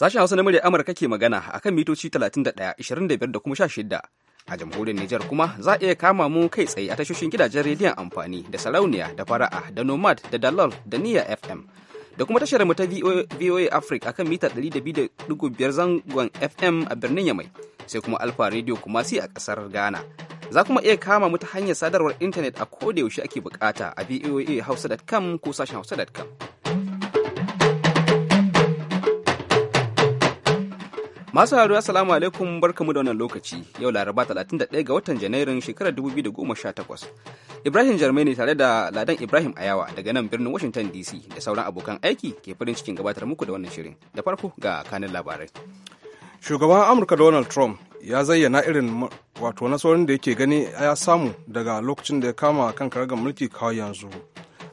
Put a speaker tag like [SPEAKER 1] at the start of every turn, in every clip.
[SPEAKER 1] Sashen Hausa na murya Amurka ke magana a kan mitoci 31, 25 da kuma 16. A jamhuriyar Nijar kuma za a iya kama mu kai tsaye a tashoshin gidajen rediyon amfani da sarauniya da fara'a da nomad da Dalal da niya FM. Da kuma tashar mu ta VOA Africa a kan mita 200.5 zangon FM a birnin Yamai sai kuma Alfa Radio kuma si a kasar Ghana. Za kuma iya kama mu ta hanyar sadarwar intanet a ko da yaushe ake bukata a voahausa.com ko sashen hausa.com. Masu haru assalamu alaikum barkamu da wannan lokaci yau laraba 31 ga watan janairun shekarar 2018. Ibrahim Jarmai ne tare da Ladan Ibrahim Ayawa daga nan birnin Washington DC da sauran abokan
[SPEAKER 2] aiki ke farin cikin gabatar muku da wannan shirin. Da farko ga kanin labarai. Shugaban Amurka Donald Trump ya zayyana irin wato nasarorin da yake gani ya samu daga lokacin da ya kama kan karagar mulki kawai yanzu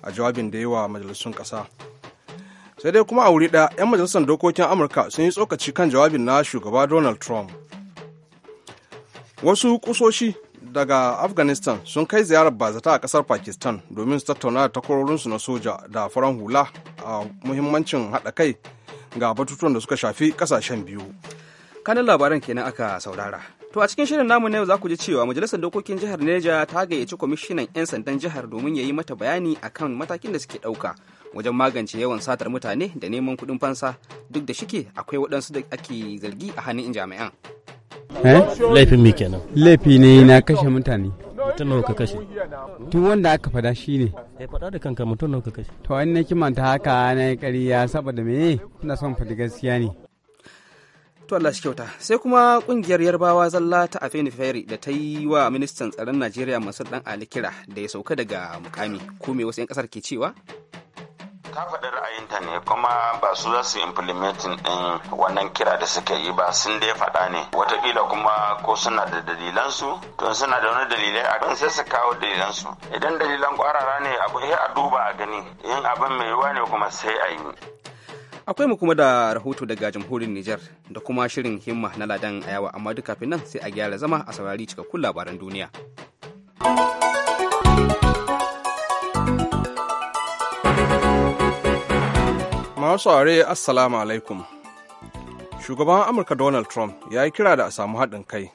[SPEAKER 2] a jawabin da yi wa majalisun ƙasa. sai dai kuma a wuri ɗaya 'yan majalisar dokokin amurka sun yi tsokaci kan jawabin na shugaba donald trump wasu kusoshi daga afghanistan sun kai ziyarar bazata a kasar pakistan domin su tattauna da takwarorinsu na soja da faran hula a muhimmancin haɗa kai ga batutuwan da suka shafi kasashen biyu kanin labaran
[SPEAKER 1] kenan aka saurara to a cikin shirin namu na yau za ku ji cewa majalisar dokokin jihar neja ta gayyaci kwamishinan 'yan sandan jihar domin ya yi mata bayani akan matakin da suke ɗauka wajen magance yawan satar mutane da neman kuɗin fansa duk da shike akwai waɗansu da ake zargi a hannun jami'an.
[SPEAKER 3] Eh? Laifin me kenan? Laifi ne na kashe mutane. Mutum nawa ka kashe?
[SPEAKER 1] Tun wanda aka fada shi ne. Ya fada da kanka mutum nawa ka kashe? To wani na kimanta haka na ƙarya saboda me na son fadi gaskiya ne. To Allah shi kyauta. Sai kuma kungiyar Yarbawa zalla ta Afeni Feri da ta yi wa ministan tsaron Najeriya Mansur Dan Ali kira da ya sauka daga mukami. Ko me wasu 'yan kasar ke cewa?
[SPEAKER 4] ta faɗi ra'ayinta ne kuma ba su za su implementing ɗin wannan kira da suka yi ba sun dai faɗa ne watakila kuma ko suna da dalilansu to suna da wani dalilai a kan sai su kawo dalilansu idan dalilan kwarara ne abu sai a duba a gani yin abin mai yiwa ne kuma sai a yi
[SPEAKER 1] akwai mu kuma da rahoto daga jamhuriyar niger da kuma shirin himma na ladan ayawa amma duk kafin nan sai a gyara zama a saurari cikakkun labaran duniya.
[SPEAKER 2] Masu are Assalamu alaikum. Shugaban Amurka Donald Trump ya yi kira da a samu haɗin kai,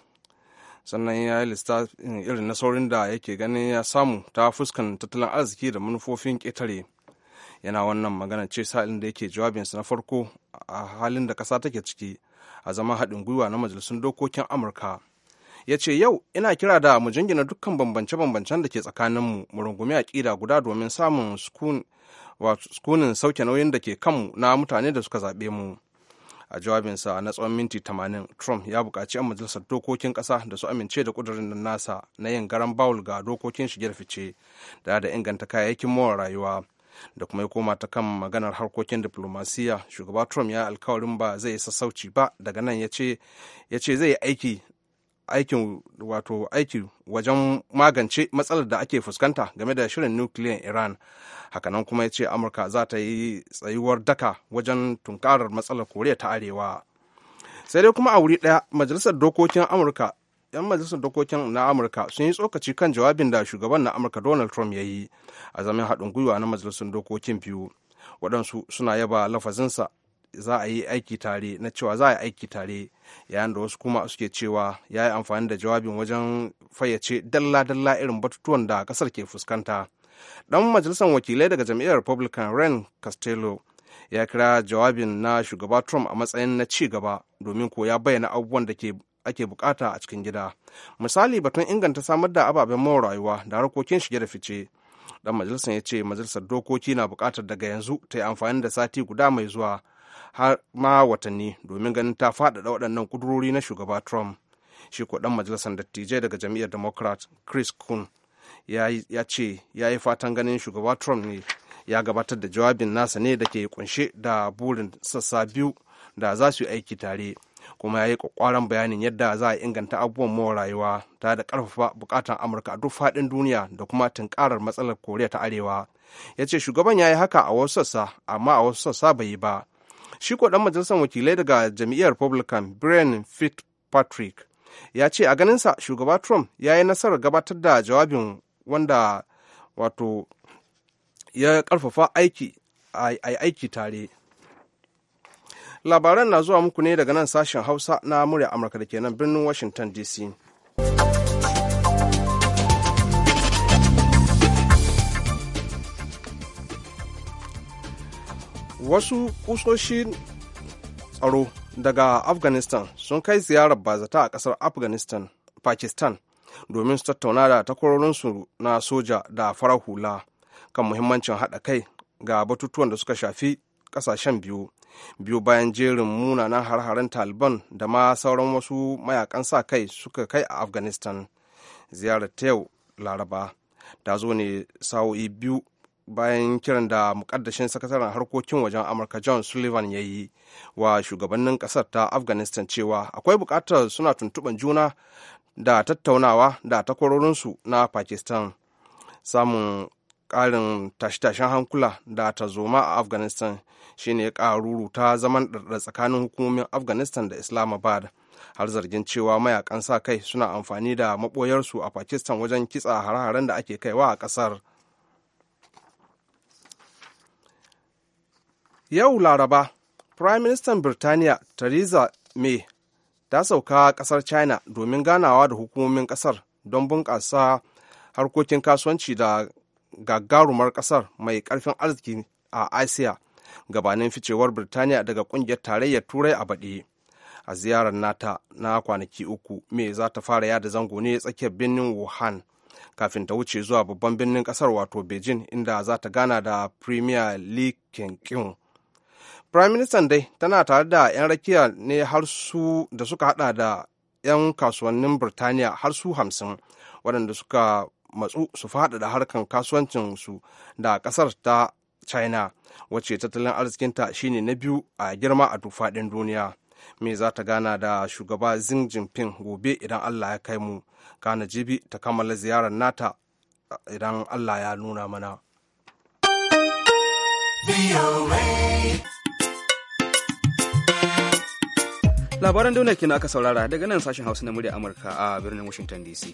[SPEAKER 2] sannan ya yi lissafin irin saurin da yake ganin ya samu ta fuskan tattalin arziki da manufofin ƙetare. Yana wannan magana ce sa'ilin da yake jawabinsa na farko a halin da ƙasa take ciki a zama haɗin gwiwa na majalisun dokokin Amurka. ya ce yau ina kira da mu jingina dukkan bambance-bambancen da ke tsakaninmu mu rungumi aƙida guda domin samun sukunin sauke nauyin da ke kanmu na mutane da suka zaɓe mu a jawabinsa na tsawon minti 80 trump ya buƙaci 'yan majalisar dokokin ƙasa da su amince da ƙudurin da nasa na yin garan bawul ga dokokin shige da fice da da inganta kayayyakin more rayuwa da kuma ya koma ta kan maganar harkokin diplomasiya shugaba trump ya alkawarin ba zai sassauci ba daga nan ya ce zai yi aiki aikin wato aiki wajen magance matsalar da ake fuskanta game da shirin nukiliyan iran hakanan kuma ya ce amurka za ta yi tsayuwar daka wajen tunkarar matsalar koriya ta arewa sai dai kuma a wuri daya majalisar dokokin amurka 'yan majalisar dokokin na amurka sun yi tsokaci kan jawabin da shugaban na amurka donald trump ya yi a zaman haɗin gwiwa na majalisar dokokin biyu waɗansu suna yaba lafazinsa za a yi aiki tare na cewa za a yi aiki tare yayin da wasu kuma suke cewa ya yi amfani da jawabin wajen fayyace dalla-dalla irin batutuwan da kasar ke fuskanta dan majalisar wakilai daga jam'iyyar republican ren castello ya kira jawabin na shugaba trump a matsayin na ci gaba domin ko ya bayyana abubuwan da ke ake bukata a cikin gida misali batun inganta samar da ababen more rayuwa da harkokin shige da fice dan majalisar ya ce majalisar dokoki na bukatar daga yanzu ta yi amfani da sati guda mai zuwa har ma watanni domin ganin ta faɗaɗa waɗannan kudurori na shugaba trump shi ko majalisar dattijai daga jam'iyyar democrat chris kuhn ya ce ya yi fatan ganin shugaba trump ne ya gabatar da jawabin nasa ne da ke kunshe da burin sassa biyu da za su yi aiki tare kuma ya yi kwakwaran bayanin yadda za a inganta abubuwan mawa rayuwa ta da karfafa bukatan amurka a duk faɗin duniya da kuma tunkarar matsalar koriya ta arewa ya ce shugaban ya yi haka a wasu sassa amma a wasu sassa bai yi ba shi ko dan majalisar wakilai daga jam'iyyar republican brian fitzpatrick ya ce a ganinsa shugaba trump ya yi nasarar gabatar da jawabin wanda wato ya karfafa aiki a aiki tare labaran na zuwa muku ne daga nan sashen hausa na murya amurka da ke nan birnin washington dc wasu kusoshin tsaro daga afghanistan sun kai ziyarar bazata a kasar afghanistan pakistan domin su tattauna da takwarorinsu na soja da farar hula kan muhimmancin haɗa kai ga batutuwan da suka shafi ƙasashen biyu biyu bayan jerin munanan har-haren taliban da ma sauran wasu mayakan sa kai suka kai a afghanistan ziyarar ta yau laraba ta zo ne sa'o'i biyu bayan kiran da mukaddashin sakataren harkokin wajen amurka john sullivan ya yi wa shugabannin kasar ta afghanistan cewa akwai bukatar suna tuntuɓan juna da tattaunawa da takwarorinsu na pakistan samun ƙarin tashe-tashen hankula da ta zoma a afghanistan shine ya ƙaruru ta zaman ɗarɗar tsakanin hukumomin afghanistan da islamabad har zargin cewa mayakan sa kai suna amfani da maɓoyarsu a pakistan wajen kitsa hare-haren da ake kaiwa a ƙasar Yau Laraba, Prime Minister Birtaniya Theresa May ta sauka kasar China domin ganawa da hukumomin kasar don bunƙasa harkokin kasuwanci da gagarumar kasar mai ƙarfin arziki a Asiya gabanin ficewar Birtaniya daga ƙungiyar tarayyar Turai a baɗi. A ziyarar nata na kwanaki uku, mai za ta fara yada zango ne tsakiyar birnin Wuhan. kafin ta wuce zuwa babban birnin kasar wato beijing inda za ta gana da premier li kin. Firaministan dai tana tare da 'yan rakiya ne har su da suka hada da 'yan kasuwannin Birtaniya har su hamsin waɗanda suka matsu su da harkan kasuwancinsu da ƙasar ta China wacce tattalin arzikinta shine na biyu a girma a tufaɗin duniya. Me za ta gana da shugaba Xi Jinping gobe idan Allah ya kai mu, kana jibi ta kammala ziyarar nata idan Allah ya nuna mana.
[SPEAKER 1] labaran duniya kina aka saurara daga nan sashen hausa na murya amurka a birnin washington dc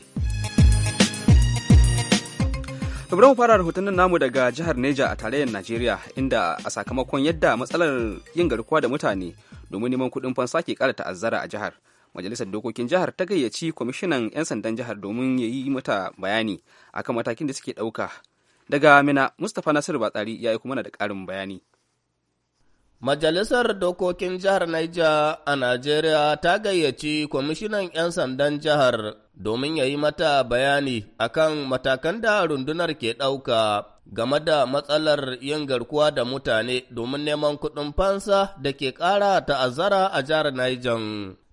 [SPEAKER 1] bari mu fara rahotannin namu daga jihar Neja a tarayyar Najeriya inda a sakamakon yadda matsalar yin garkuwa da mutane domin neman kudin fansa ke kara ta'azzara a jihar. Majalisar Dokokin jihar ta gayyaci kwamishinan 'yan sandan jihar domin ya yi mata bayani akan matakin
[SPEAKER 3] da suke ɗauka. Daga Mina, Mustapha nasiru Batsari ya yi kuma da karin bayani. Majalisar Dokokin Jihar Naija a Najeriya ta gayyaci kwamishinan 'yan sandan jihar domin ya yi mata bayani akan matakan da rundunar ke ɗauka game da matsalar yin garkuwa da mutane domin neman kuɗin fansa da ke ƙara ta'azzara a jihar Niger.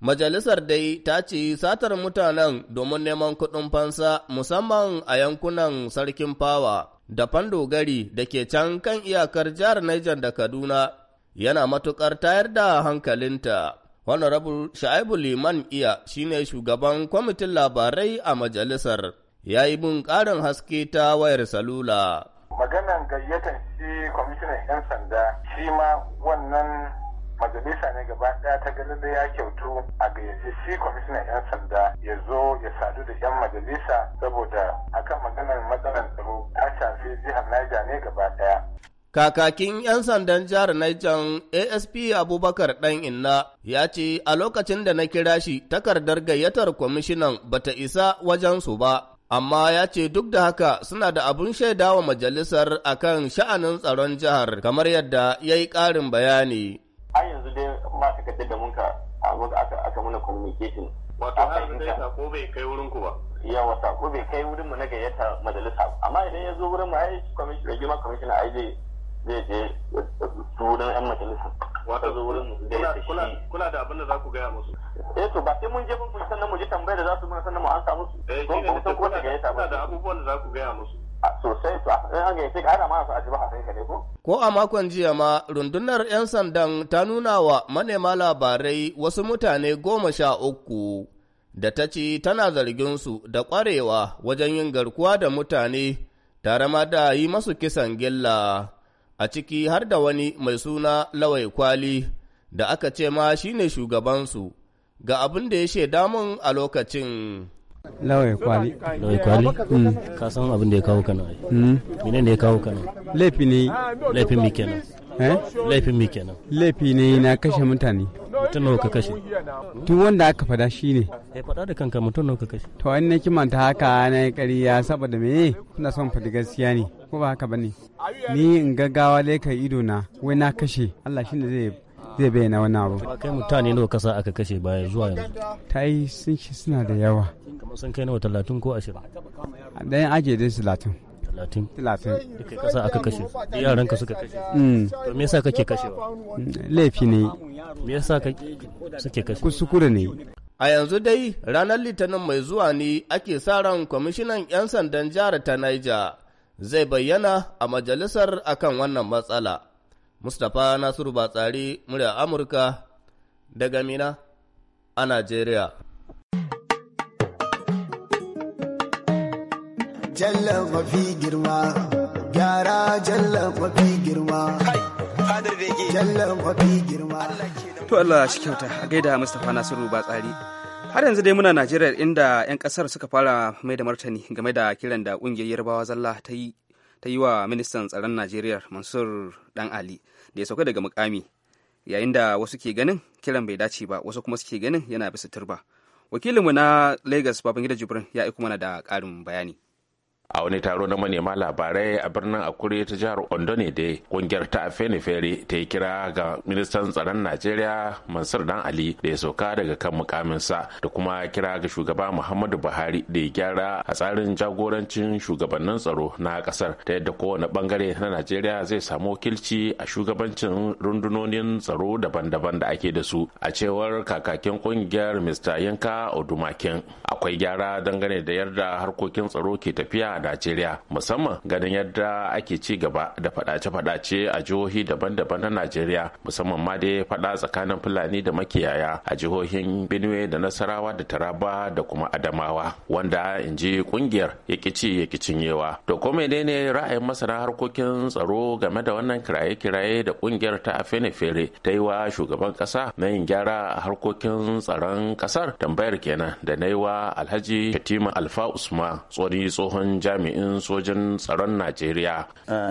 [SPEAKER 3] Majalisar dai ta ce satar mutanen domin neman kuɗin fansa musamman a yankunan sarkin fawa da Fando Gari da ke can kan iyakar jihar Niger da Kaduna yana matuƙar tayar da hankalinta. Honorable Sha'ibu Liman Iya shine shugaban kwamitin labarai a majalisar, ya yi bin ƙarin haske ta wayar salula.
[SPEAKER 2] Maganan gayyatar shi kwamishinan 'yan sanda shi ma wannan majalisa ne gaba ɗaya ta ganin da ya kyautu a gayyace shi kwamishinan 'yan sanda ya zo ya sadu da 'yan majalisa saboda akan maganar matsalar
[SPEAKER 4] tsaro ta shafi jihar Niger ne gaba ɗaya.
[SPEAKER 3] Kakakin 'yan sandan jihar Niger ASP Abubakar ɗan inna ya ce a lokacin da na kira shi takardar gayyatar kwamishinan bata isa wajensu ba, amma ya ce duk da haka suna da abun shaidawa majalisar akan sha'anin tsaron jihar kamar yadda ya yi ƙarin bayani.
[SPEAKER 4] Har yanzu dai ma takardar da munka aka muna communication. Wato har yanzu dai sako bai kai wurin ku ba. Yawa sako bai kai wurin mu na gayyata majalisa. Amma idan ya zo wurin mu ai kwamishin, kwamishin ai zai je sunan yan majalisa wata zo wurin kula da abin da za ku gaya musu eh to ba sai mun je mun sannan mu ji tambayar da za su mana sannan mu ansa musu eh shi ne ko ta gayyata ba da abubuwan da za ku gaya musu sosai to an gayyace ka ana ma su ajiba a kai ko
[SPEAKER 3] Ko a makon jiya ma rundunar 'yan sandan ta nuna wa manema labarai wasu mutane goma sha uku da ta ce tana zarginsu da kwarewa wajen yin garkuwa da mutane tare ma da yi masu kisan gilla. a ciki har da wani mai suna Lawai Kwali da aka ce ma shi ne shugabansu ga abin da ya shaida mun a lokacin. Lawai Kwali. Lawai Kwali? Hmm. Ka san abin da ya kawo kana. ne ne ya kawo kana? Laifi ne. Laifin mi kenan. Eh? laifin me kenan laifi ne na kashe mutane mutum nawa ka kashe tun wanda aka fada shi
[SPEAKER 1] ne ya fada da kanka mutum nawa ka kashe to an na kimanta haka na ƙarya saboda me kuna son fadi gaskiya ne ko ba haka bane ni in gaggawa laika ido na wai na kashe
[SPEAKER 3] Allah ne zai zai bayyana wannan abu kai mutane nawa kasa aka kashe baya zuwa yanzu ta yi sun suna da yawa kamar sun kai nawa talatin ko ashirin dan aje dai talatin talatin aka kashe yaran ka suka kashe mm. to me yasa kake laifi ne me yasa suke kashe kuskure ne a yanzu dai ranar litinin mai zuwa ne ake sa ran kwamishinan 'yan sandan jihar ta Niger zai bayyana a majalisar akan wannan matsala mustapha nasiru batsari murya amurka daga mina a najeriya jalla mafi girma gyara jalla mafi girma jalla mafi girma
[SPEAKER 1] to Allah shi kyauta a gaida Mustapha Nasiru ba tsari har yanzu dai muna Najeriya inda 'yan kasar suka fara mai da martani game da kiran da kungiyar Yarbawa zalla ta yi wa ministan tsaron Najeriya Mansur Dan Ali da ya sauka daga mukami yayin da wasu ke ganin kiran bai dace ba wasu kuma suke ganin yana bisa turba wakilinmu na lagos babangida jibrin ya aiko mana da ƙarin bayani
[SPEAKER 4] a wani taro na manema labarai a birnin akure ta jihar ondo ne da kungiyar ta fere ta yi kira ga ministan tsaron najeriya mansur dan ali da ya sauka daga kan mukaminsa da kuma kira ga shugaba muhammadu buhari da ya gyara a tsarin jagorancin shugabannin tsaro na kasar ta yadda kowane bangare na najeriya zai samu wakilci a shugabancin rundunonin tsaro daban-daban da ake da su a cewar kakakin kungiyar mr yanka odumakin akwai gyara dangane da yarda harkokin tsaro ke tafiya a najeriya musamman ganin yadda ake ci gaba da fadace-fadace a jihohi daban-daban na najeriya musamman ma dai fada tsakanin fulani da makiyaya a jihohin benue da nasarawa da taraba da kuma adamawa wanda in ji kungiyar yakici yakicin yewa to ko menene ra'ayin masana harkokin tsaro game da wannan kiraye-kiraye da kungiyar ta fere ta yi wa shugaban kasa na yin gyara a harkokin tsaron kasar tambayar kenan da na yi wa alhaji fatima alfa usman tsori tsohon jami'in sojin tsaron najeriya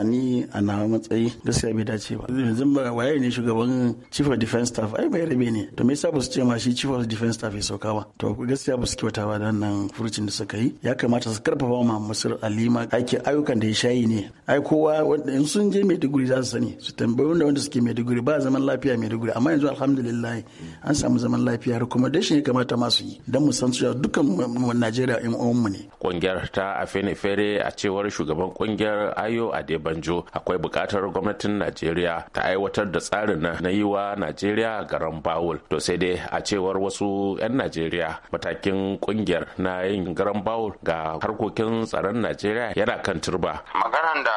[SPEAKER 4] ni a na matsayi gaskiya bai dace ba yanzu ba waye ne shugaban chief of defense staff ai bai rabe ne to me yasa ba su ce ma shi chief of defense staff ya sauka ba to gaskiya ba su kyauta ba da wannan furucin da suka yi ya kamata su karfafa ma masar alima ake ayyukan da ya shayi ne ai kowa wanda in sun je maiduguri za su sani su tambayi wanda wanda suke maiduguri ba zaman lafiya maiduguri amma yanzu alhamdulillah an samu zaman lafiya recommendation ya kamata masu yi dan mu san cewa dukkan Najeriya in mu ne kungiyar ta Afenif fere a cewar shugaban kungiyar Ayo Adebanjo akwai bukatar gwamnatin Najeriya ta aiwatar da tsarin na yi wa Najeriya garan bawul. To sai dai a cewar wasu 'yan Najeriya matakin kungiyar na yin garan bawul ga harkokin tsaron Najeriya yana kan turba. Maganar da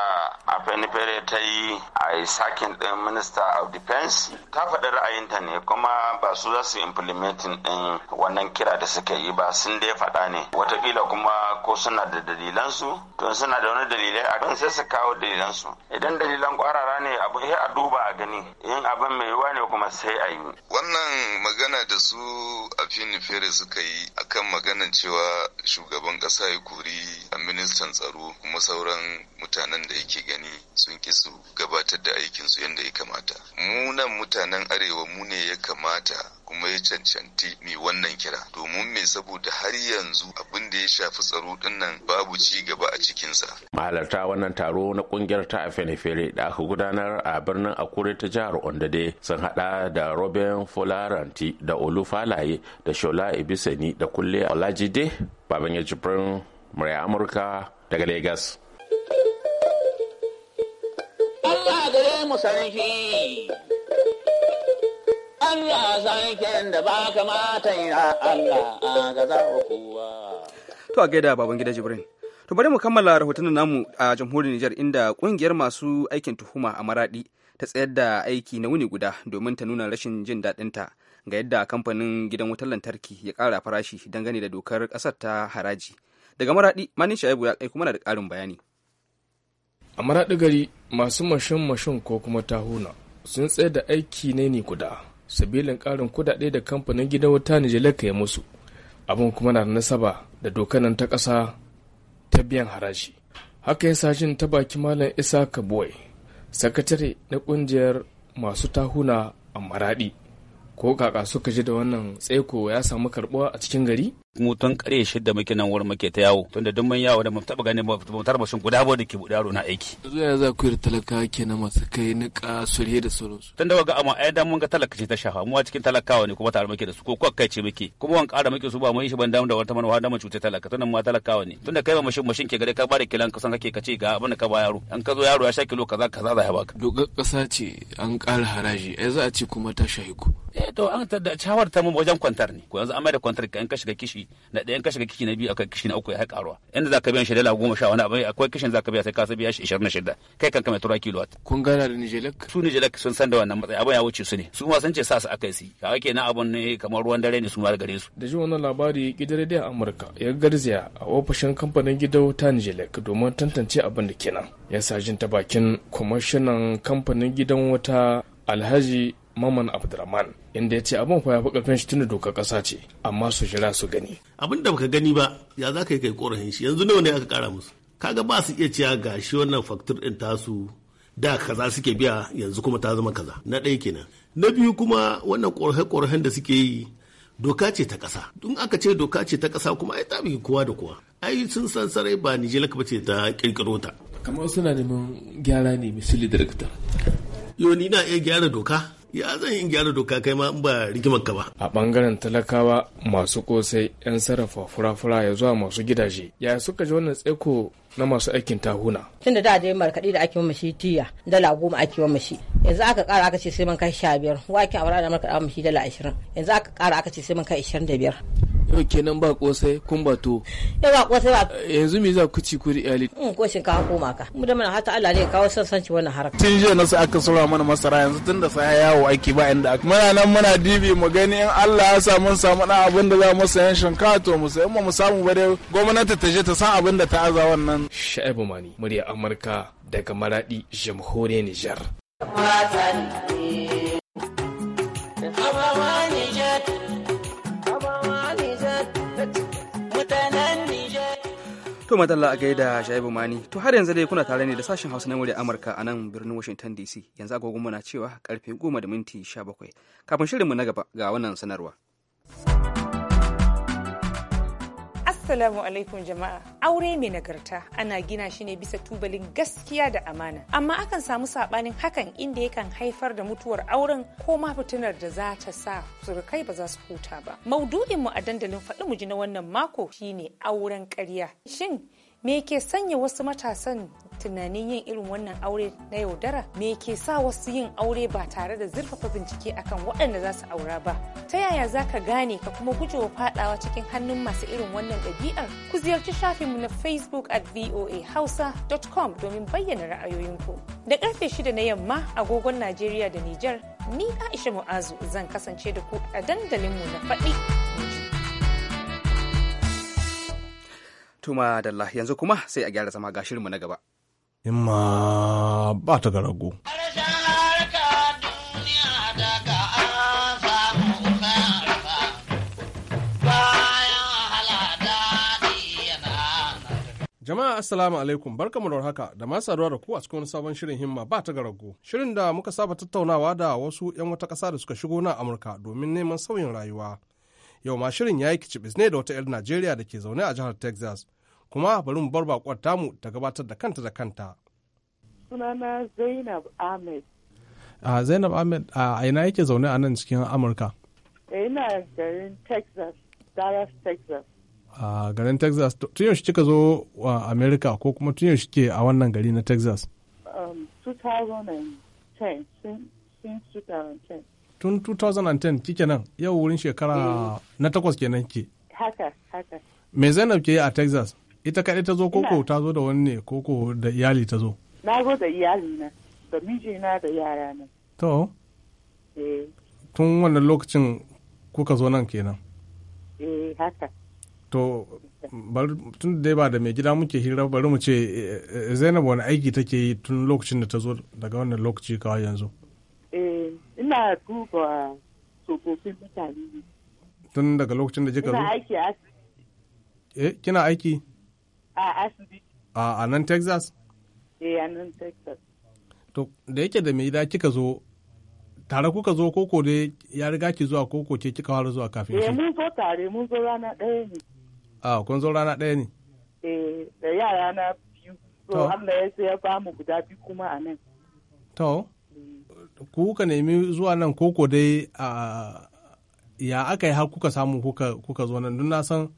[SPEAKER 4] fere ta yi a sakin ɗin Minister of Defense ta faɗi ra'ayinta ne kuma ba su za su ɗin wannan kira da suka yi ba sun dai faɗa ne. Watakila kuma ko suna da dalilan su to suna da wani dalilai a kan sai su kawo dalilan
[SPEAKER 3] su idan dalilan kwarara ne abu sai a duba a gani in abin mai yiwuwa ne kuma sai a yi wannan magana da su a fini fere suka yi akan magana cewa shugaban kasa ya kori a ministan tsaro kuma sauran mutanen da yake gani sun ki su gabatar da aikinsu yadda ya kamata mu nan mutanen arewa mu ne ya kamata kuma ya cancanti mai wannan kira domin mai saboda har yanzu abin da ya shafi tsaro dinnan babu ci gaba a cikinsa.
[SPEAKER 4] Mahalarta wannan taro na kungiyar ta Afenefere da aka gudanar a birnin Akure ta jihar Ondade sun hada da Robin Folaranti da Olufalaye da Shola Ibisani da Kulle Olajide baban ya jibrin murya Amurka daga Legas.
[SPEAKER 5] Allah gare mu Allah ken da ba kamata ya Allah a gaza
[SPEAKER 1] kuwa. To a gaida baban gida Jibrin. To bari mu kammala rahoton namu a jamhuriyar Nijar inda kungiyar masu aikin tuhuma a Maradi ta tsayar da aiki na wuni guda domin ta nuna rashin jin daɗinta ga yadda kamfanin gidan wutar lantarki ya kara farashi dangane da dokar kasar ta haraji. Daga Maradi, Manin Shaibu ya kuma na da ƙarin bayani.
[SPEAKER 6] A Maradi gari masu mashin mashin ko kuma tahuna sun tsayar da aiki ne ni guda sabilin karin kudade da kamfanin gidan wuta nijalaka ya musu abin kuma na da nasaba da dokanan ta ƙasa ta biyan harashi. haka ya sajin ta baki malam isa kaboy sakatare na ƙungiyar masu tahuna a maradi ko kaka suka ji da wannan tsaiko ya samu karbuwa a cikin
[SPEAKER 4] gari mu tun ƙarye shidda muke nan wurin muke ta yawo tunda duk mun yawo da mu taba ganin mu tarba shin guda ba da ke buɗe yaro na aiki. yanzu ya za ku yi talaka kenan masu kai ni ka surye da sauransu. tunda ga amma ai dan mun ga talaka ce ta shafa mu a cikin talakawa ne kuma tare muke da su ko kuwa kai ce muke kuma wan ƙara muke su ba mu yi shi ban damu da wata manuwa da mu cuce talaka tunda mu talakawa ne tunda kai ba mashin mashin ke gare ka ba da kilan kasan kake kace ga abin da ka ba yaro an ka zo yaro ya sha kilo kaza kaza za ya baka. dogar kasa ce an ƙara haraji ai za a ce kuma ta shahiku. eh to an ta da shawar ta mu wajen kwantar ne ko yanzu an mai da kwantar ka in ka shiga kishi na ɗayan ka kashi na biyu akwai kashi na uku ya ruwa inda za ka biyan shi dala goma sha wani abu akwai kashin za ka biya sai ka biya shi ishirin na shida kai kan kama tura kilowatt. kun gana da nijelak. su nijelak sun san da wannan matsayi abin ya wuce su ne su ma sun ce sa su aka yi ka ake na abin ne kamar ruwan dare ne su ma gare su. da ji wannan
[SPEAKER 6] labari gidan rediyon amurka ya garzaya a ofishin kamfanin gidan ta nijelak domin tantance abin da kenan ya sa jin ta bakin kwamishinan kamfanin gidan wuta alhaji maman abdulrahman inda ya ce abin fa ya fi karfin shi doka kasa ce amma su jira su
[SPEAKER 4] gani abin da baka gani ba ya za ka yi kai korafin shi yanzu nawa ne aka kara musu kaga ba su iya cewa ga shi wannan faktur din tasu da kaza suke biya yanzu kuma ta zama kaza na ɗaya kenan na biyu kuma wannan korafe-korafen da suke yi doka ce ta ƙasa don aka ce doka ce ta ƙasa kuma ai ta bi kowa da kowa ai sun san sarai ba ni ba ce ta ƙirƙiro ta
[SPEAKER 6] kamar suna neman gyara ne misali da
[SPEAKER 4] yoni na iya gyara doka
[SPEAKER 6] ya zan yi gyara doka kai ma in ba rigimar ka ba. A bangaren talakawa masu kosai 'yan sarrafa fura-fura ya zuwa masu gidaje. Ya suka ji wannan tsaiko na masu aikin tahuna.
[SPEAKER 7] Tun da da dai markaɗe da ake mashi tiya dala goma ake wa mashi. Yanzu aka ƙara aka ce sai man kai sha biyar. Waken awara da markaɗa mashi dala ashirin. Yanzu aka ƙara aka ce sai man kai ashirin da biyar.
[SPEAKER 6] yau kenan ba kosai kun ba to yau ba kosai ba yanzu me za ku ci ku iyali
[SPEAKER 7] mun mm, ko shinkafa ko maka mu da mana hata Allah ne kawo sansanci wannan harka
[SPEAKER 6] tun jiya nasu aka saura mana masara yanzu tun da sai yawo aiki ba inda aka muna nan muna dibi mu gani in Allah ya sa mun samu dan abin da za mu sayan shinkafa to mu sayan mu samu ba dai gwamnati ta je ta san abin da ta aza wannan Sha'ibu Mani murya Amurka daga Maradi jamhuriyar Nijar
[SPEAKER 1] To matsala a gaida Shaibu Mani. To har yanzu dai kuna tare ne da sashen Hausa na murya Amurka a nan birnin Washington DC. Yanzu agogon na cewa karfe goma da minti bakwai Kafin shirinmu na gaba ga wannan sanarwa.
[SPEAKER 7] Assalamu alaikum jama'a. Aure mai nagarta ana gina shi ne bisa tubalin gaskiya da amana. Amma akan samu saɓanin hakan inda yakan haifar da mutuwar auren ko ma fitinar da za ta sa surukai ba za su huta ba. Maudu'in mu a dandalin faɗi mu ji na wannan mako shine auren ƙarya. Shin me ke sanya wasu matasan tunanin yin irin wannan aure na yaudara me ke sa wasu yin aure ba tare da zurfafa bincike akan waɗanda za su aura ba ta yaya za ka gane ka kuma gujewa faɗawa cikin hannun masu irin wannan ɗabi'ar ku ziyarci shafinmu na facebook at VOA Hausa dot com domin bayyana ra'ayoyinku da karfe shida na yamma agogon najeriya da nijar ni aisha mu'azu zan kasance da ku a dandalinmu na faɗi.
[SPEAKER 1] Tuma da yanzu kuma sai a gyara zama ga shirinmu na gaba.
[SPEAKER 2] Himma ba ta ga rago. Jama'a Assalamu alaikum barkamu da haka da masu saduwa da ku a cikin sabon shirin himma ba ta garago. Shirin da muka saba tattaunawa da wasu 'yan wata ƙasa da suka shigo na Amurka domin neman sauyin rayuwa. Yau ma shirin ya yi kicibis ne da wata 'yar Najeriya da ke zaune a jihar Texas kuma bari mu bar bakwar tamu ta gabatar da kanta da kanta.
[SPEAKER 5] Sunana Zainab Ahmed.
[SPEAKER 2] A Zainab Ahmed a ina yake zaune a nan cikin Amurka?
[SPEAKER 5] Eh, ina garin Texas, Dallas, Texas.
[SPEAKER 2] A garin Texas, tun yaushe kika zo a Amerika ko kuma tun yaushe ke a wannan gari na Texas?
[SPEAKER 5] 2010, um, since 2010.
[SPEAKER 2] Tun 2010 kike nan, yau wurin shekara eh. na takwas kenan ke.
[SPEAKER 5] Haka, haka.
[SPEAKER 2] Me Zainab ke yi a Texas? ita kaɗai ta zo koko ta zo da wani ne koko da iyali ta zo
[SPEAKER 5] na zo da iyali na da mijina da yara na to eh.
[SPEAKER 2] tun wannan lokacin kuka zo nan kenan
[SPEAKER 5] eh haka
[SPEAKER 2] to tun da ba da mai gida muke hira bari mu ce eh, zainab wani aiki take yi tun lokacin da ta zo daga wannan lokaci kawai yanzu
[SPEAKER 5] eh, ina duba tsofaffin mutane
[SPEAKER 2] tun daga lokacin da jika zo kina aiki eh kina aiki
[SPEAKER 5] A asibiti.
[SPEAKER 2] A nan Texas?
[SPEAKER 5] Eh, a nan Texas.
[SPEAKER 2] To, da yake da mai kika zo, tare kuka zo koko dai ya riga ki zuwa koko ce kika fara zuwa kafin shi? Eh, mun
[SPEAKER 5] zo tare, mun zo rana ɗaya ne.
[SPEAKER 2] A, kun zo rana ɗaya ne?
[SPEAKER 5] Eh, da yara na biyu. To, Allah ya sai ya bamu guda biyu kuma a nan.
[SPEAKER 2] To, mm. ku kuka nemi zuwa nan koko dai a ya aka yi har kuka samu kuka zo nan don na san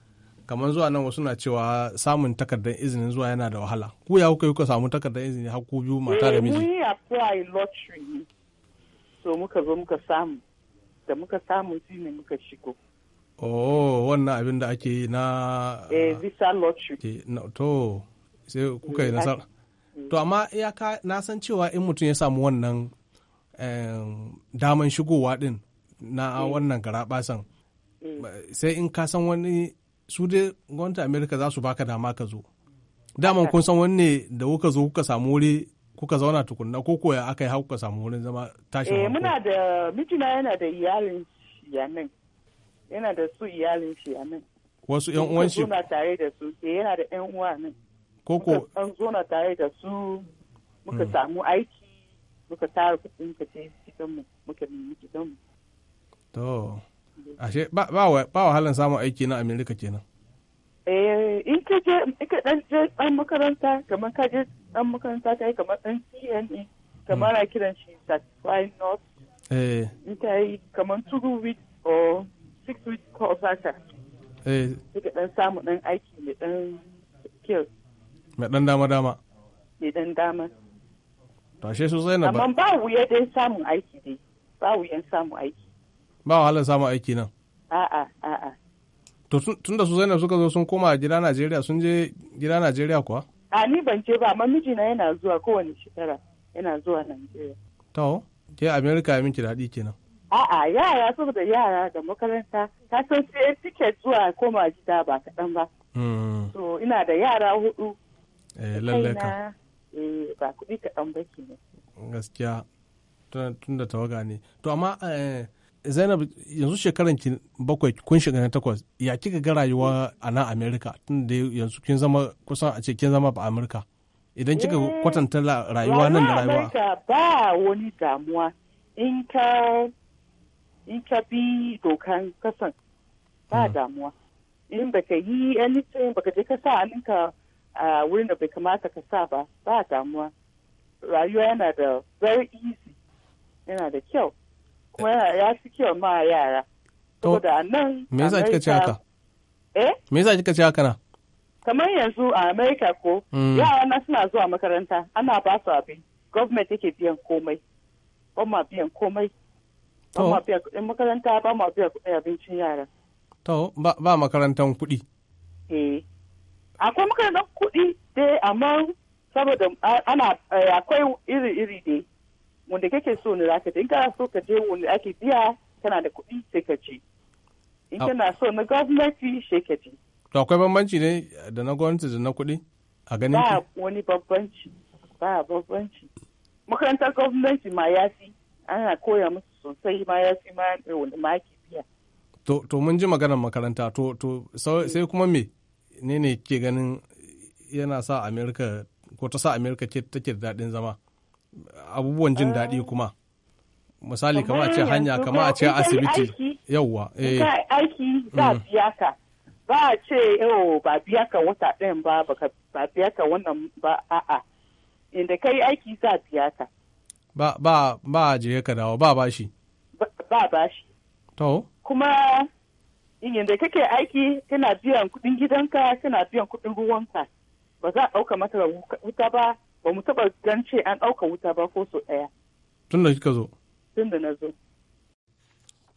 [SPEAKER 2] kamar zuwa nan wasu na cewa samun takardar izinin zuwa yana da wahala ku ya kuka yi kuka samu takardar izini har ku biyu mata da eh, miji we
[SPEAKER 5] apply lottery so muka zo muka samu da muka samu shi ne muka shigo
[SPEAKER 2] oh wannan abin da ake yi na
[SPEAKER 5] eh visa lottery
[SPEAKER 2] to sai kuka yi eh, nasara
[SPEAKER 5] eh. to
[SPEAKER 2] amma ka na san cewa in mutum ya samu wannan daman shigowa din na wannan garabasan sai in ka san wani su dai gwamnatin amerika za su baka dama ka zo daman kun san wanne da kuka zo kuka samu wuri kuka zauna tukunna ko koya aka yi kuka samu wurin zama tashi eh muna
[SPEAKER 5] da mijina yana da iyalin yanin yana da su iyalin shi yanin
[SPEAKER 2] wasu yan uwan shi zona
[SPEAKER 5] tare da su eh yana da yan uwa nan koko an zona tare da su muka hmm. samu aiki muka tara kudin ka ce gidan mu muka nemi gidan mu
[SPEAKER 2] to Ashe ba wahalan samun aiki na Amerika kenan.
[SPEAKER 5] Eh in ka je in ka dan je dan makaranta kamar ka je dan makaranta kai kamar dan CNE kamar a kiran shi certified nurse. Eh. In ka yi kamar two week or six week course haka. Eh. Kika dan samu dan aiki mai dan skill.
[SPEAKER 2] Mai dan dama dama.
[SPEAKER 5] Mai dan dama.
[SPEAKER 2] To ashe su Zainab. Amma
[SPEAKER 5] ba wuya dai samun aiki dai. Ba wuyan samun aiki.
[SPEAKER 2] ba wahalar samun aiki nan
[SPEAKER 5] a'a a'a
[SPEAKER 2] to tun da su zainab suka zo sun koma gida najeriya sun je gida najeriya kuwa
[SPEAKER 5] a ni ban je ba mamiji na yana zuwa kowane shekara yana zuwa najeriya
[SPEAKER 2] tawo. ke Amerika ya minki daɗi kenan
[SPEAKER 5] a'a yara saboda yara da makaranta ta san sai tiket zuwa koma gida ba kaɗan ba hmm. so ina da yara hudu eh lallai ka eh, ba kuɗi kaɗan ba kenan
[SPEAKER 2] gaskiya tun da tawaga ne to amma eh zainab yanzu shekaran ki bakwai kun shiga na takwas ya kika ga rayuwa a nan amerika tun da yanzu kin zama kusan a ce kin zama ba amerika idan kika eh, kwatanta rayuwa nan da rayuwa
[SPEAKER 5] ba wani damuwa in ka in ka bi dokan kasan ba hmm. damuwa in baka yi anything baka je ka sa alinka a wurin da bai kamata ka sa ba ba damuwa rayuwa yana da very easy yana da kyau kuma ya fi kyau ma yara to, nan me yasa kika ce haka eh
[SPEAKER 2] me yasa kika ce haka na
[SPEAKER 5] kamar yanzu a America ko yara na suna zuwa makaranta ana ba su abin government yake biyan komai ba ma biyan komai ba ma biyan makaranta ba ma biyan kuɗin abincin yara
[SPEAKER 2] to ba ba makarantan kuɗi
[SPEAKER 5] eh akwai makarantar kuɗi dai amma saboda ana akwai iri-iri dai wanda kake so ne zaka je in kana so ka je wanda ake biya kana da kuɗi sai ka je in ah. kana so na gwamnati sai ka je
[SPEAKER 2] to akwai bambanci ne da na gwamnati da na kuɗi a ganin ba
[SPEAKER 5] wani bambanci ba bambanci makarantar gwamnati ma ya fi ana koya musu sosai ma ya fi ma wanda ma ake biya
[SPEAKER 2] to to mun ji maganar makaranta to to eh. sai kuma me ne ne ke ganin yana sa amerika ko ta sa amerika ke take da daɗin zama abubuwan jin daɗi ah. kuma misali kama a ce hanya kama a ce asibiti yauwa eh
[SPEAKER 5] aiki mm. biya ka ba a ce yau ba biya ka wata ɗayan ba ba biya ka wannan ba a'a inda kai aiki za biya ka
[SPEAKER 2] ba ba ba je ka dawo ba bashi ba bashi to
[SPEAKER 5] kuma inda kake aiki kana biyan kudin gidanka kana biyan kudin ruwanka ba za a ɗauka mata wuta ba ba mu taba gan ce an ɗauka wuta ba ko so ɗaya.
[SPEAKER 2] Tun da kika zo? Tun da na zo.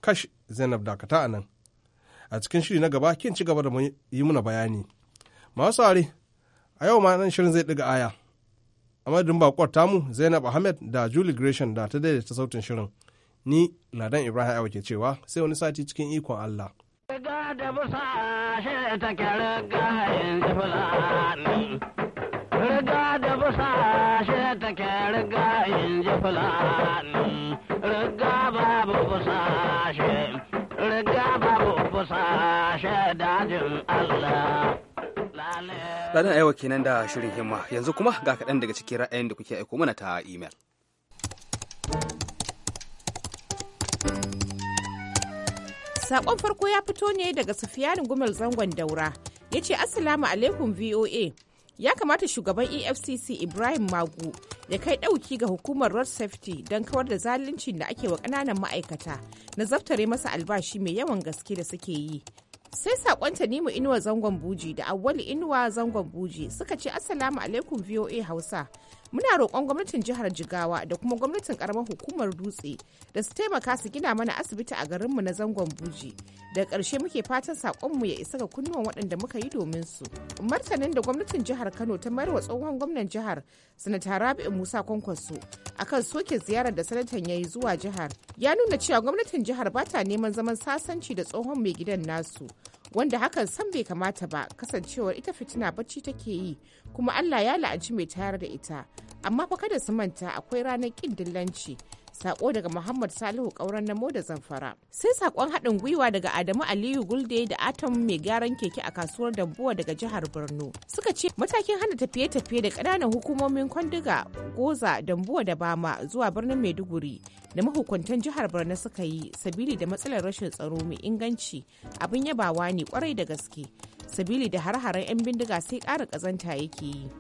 [SPEAKER 2] Kash Zainab dakata a nan. A cikin shiri na gaba kin ci gaba da yi muna bayani. Masu saurare, a yau ma nan shirin zai ɗiga aya. A madadin bakwar tamu Zainab Ahmed da Julie Gresham da ta daidaita sautin shirin. Ni Ladan Ibrahim Awa ke cewa sai wani sati cikin ikon Allah.
[SPEAKER 4] Riga da busa
[SPEAKER 6] take riga yanzu Riga fulanin
[SPEAKER 1] Ladan aiwa kenan da shirin himma yanzu kuma ga kaɗan daga cikin ra'ayin da kuke aiko mana ta imel.
[SPEAKER 7] Saƙon farko ya fito ne daga Sufiyanin Gumal Zangon Daura ya ce Assalamu alaikum VOA ya kamata shugaban efcc ibrahim magu ya kai ɗauki ga hukumar road safety don kawar da zaluncin da ake wa ƙananan ma'aikata na zaftare masa albashi mai yawan gaske da suke yi sai sakon tanimu inuwa zangon buji da awwali inuwa zangon buji suka ce assalamu alaikum voa hausa muna roƙon gwamnatin jihar jigawa da kuma gwamnatin ƙaramar hukumar dutse da su taimaka su gina mana asibiti a garinmu na zangon buji da ƙarshe muke fatan saƙonmu ya isa ga kunnuwan waɗanda muka yi domin su martanin da gwamnatin jihar kano ta mayar wa tsohon gwamnan jihar sanata rabi'u musa kwankwaso akan soke ziyarar da sanatan ya yi zuwa jihar ya nuna cewa gwamnatin jihar ba ta neman zaman sasanci da tsohon mai gidan nasu wanda hakan san bai kamata ba kasancewar ita fitina bacci take yi kuma Allah ya la'anci mai tayar da ita amma fa kada su manta akwai ranar ƙin dillanci Sako daga Muhammad Salihu Kauran Namo da Zamfara. Sai sakon haɗin gwiwa daga Adamu Aliyu Gulde da Atom mai gyaran keke a kasuwar Dambuwa daga jihar Borno. Suka ce matakin hana tafiye-tafiye da ƙananan hukumomin Kwandiga, Goza, Dambuwa da Bama zuwa birnin Maiduguri da mahukuntan jihar Borno suka yi sabili da matsalar rashin tsaro mai inganci abin yabawa ne kwarai da gaske. Sabili da har-haren 'yan bindiga sai ƙara ƙazanta yake yi.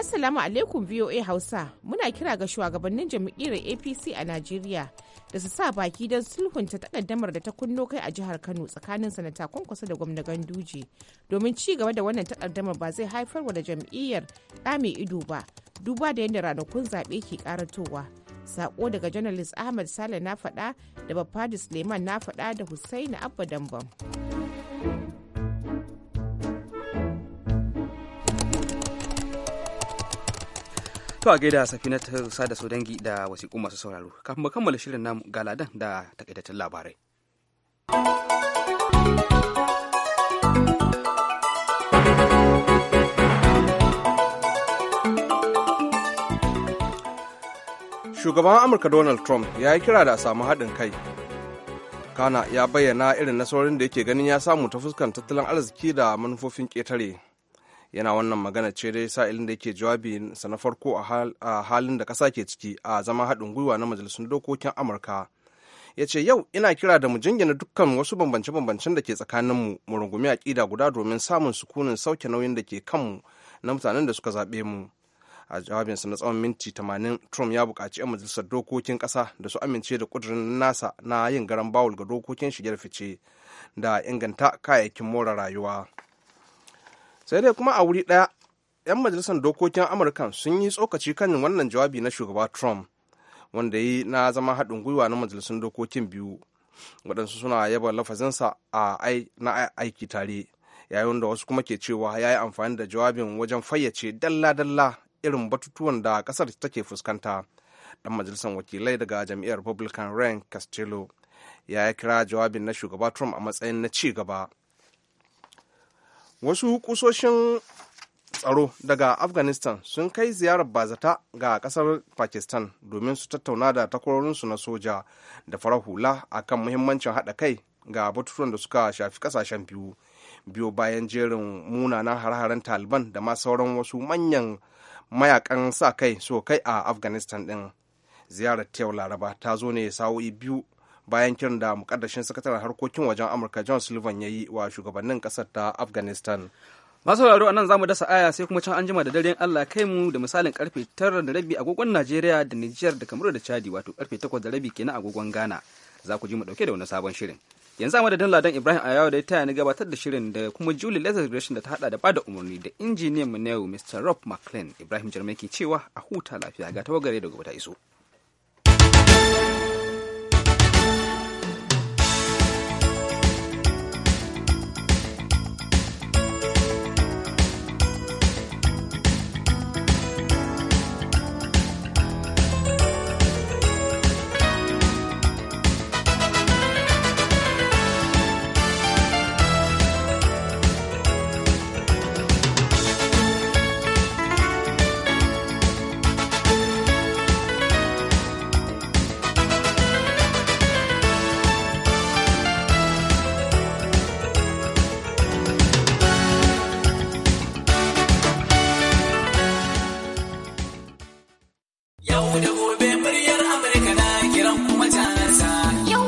[SPEAKER 7] Assalamu alaikum VOA Hausa muna kira ga shugabannin jam'iyyar APC a Najeriya da su sa baki don sulhunta takaddamar da ta kunno kai a jihar Kano tsakanin sanata kwankwasa da gwamna Ganduje domin ci gaba da wannan takaddamar ba zai haifar wa da jam'iyyar ɗa ido ba duba da yadda ranakun zaɓe ke ƙaratowa Sako daga janalis Ahmad Sale na faɗa da Bafadi Suleiman na faɗa da Hussaini Abba Dambam.
[SPEAKER 1] To a gaida safina ta sada su dangi da wasiƙu masu sauraro. Kafin mu kammala shirin namu galadan da takaitaccen labarai.
[SPEAKER 2] Shugaban Amurka Donald Trump ya yi kira da a samu haɗin kai. Kana ya bayyana irin nasarorin da yake ganin ya samu ta fuskan tattalin arziki da manufofin ƙetare. yana wannan magana ce dai sa'ilin da yake jawabi sa na farko a halin da ƙasa ke ciki a zaman haɗin gwiwa na majalisun dokokin amurka ya ce yau ina kira da mu jingina dukkan wasu bambance-bambancen da ke tsakaninmu mu rungumi aƙida guda domin samun sukunin sauke nauyin da ke kanmu na mutanen da suka zaɓe mu a jawabinsa na tsawon minti 80 trump ya buƙaci 'yan majalisar dokokin ƙasa da su amince da ƙudurin nasa na yin garan bawul ga dokokin shige da fice da inganta kayayyakin more rayuwa sai dai kuma a wuri ɗaya 'yan majalisar dokokin amurka sun yi tsokaci kan wannan jawabi na shugaba trump wanda yi na zama haɗin gwiwa na majalisun dokokin biyu waɗansu suna yaba lafazinsa a na aiki tare yayin da wasu kuma ke cewa ya yi amfani da jawabin wajen fayyace dalla-dalla irin batutuwan da ƙasar take fuskanta ɗan majalisar wakilai daga jam'iyyar republican ryan castillo ya kira jawabin na shugaba trump a matsayin na ci gaba wasu kusoshin tsaro daga afghanistan sun kai ziyarar bazata ga kasar pakistan domin su tattauna da takwarorinsu na soja da farar hula a kan muhimmancin haɗa kai ga batutuwan da suka shafi kasashen biyu biyo bayan jerin munanan har-haren taliban da ma sauran wasu manyan mayakan sa kai so kai a afghanistan din ziyarar ta laraba ta zo ne sa'o'i biyu bayan kiran da mukaddashin sakataren harkokin wajen amurka john sullivan ya yi wa shugabannin kasar ta afghanistan masu sauraro a nan za mu dasa aya sai kuma can anjima da daren allah kai mu da misalin karfe
[SPEAKER 1] tara da rabi agogon najeriya da nijar da kamaru da chadi wato karfe takwas da rabi kenan agogon ghana za ku ji mu dauke da wani sabon shirin yanzu a madadin ladan ibrahim ayawa da ya taya ni gabatar da shirin da kuma julie leather gresham da ta hada da bada umarni da injiniyan mu na yau mr rob mclean ibrahim jarmaki cewa a huta lafiya ga tawagare da gobe ta iso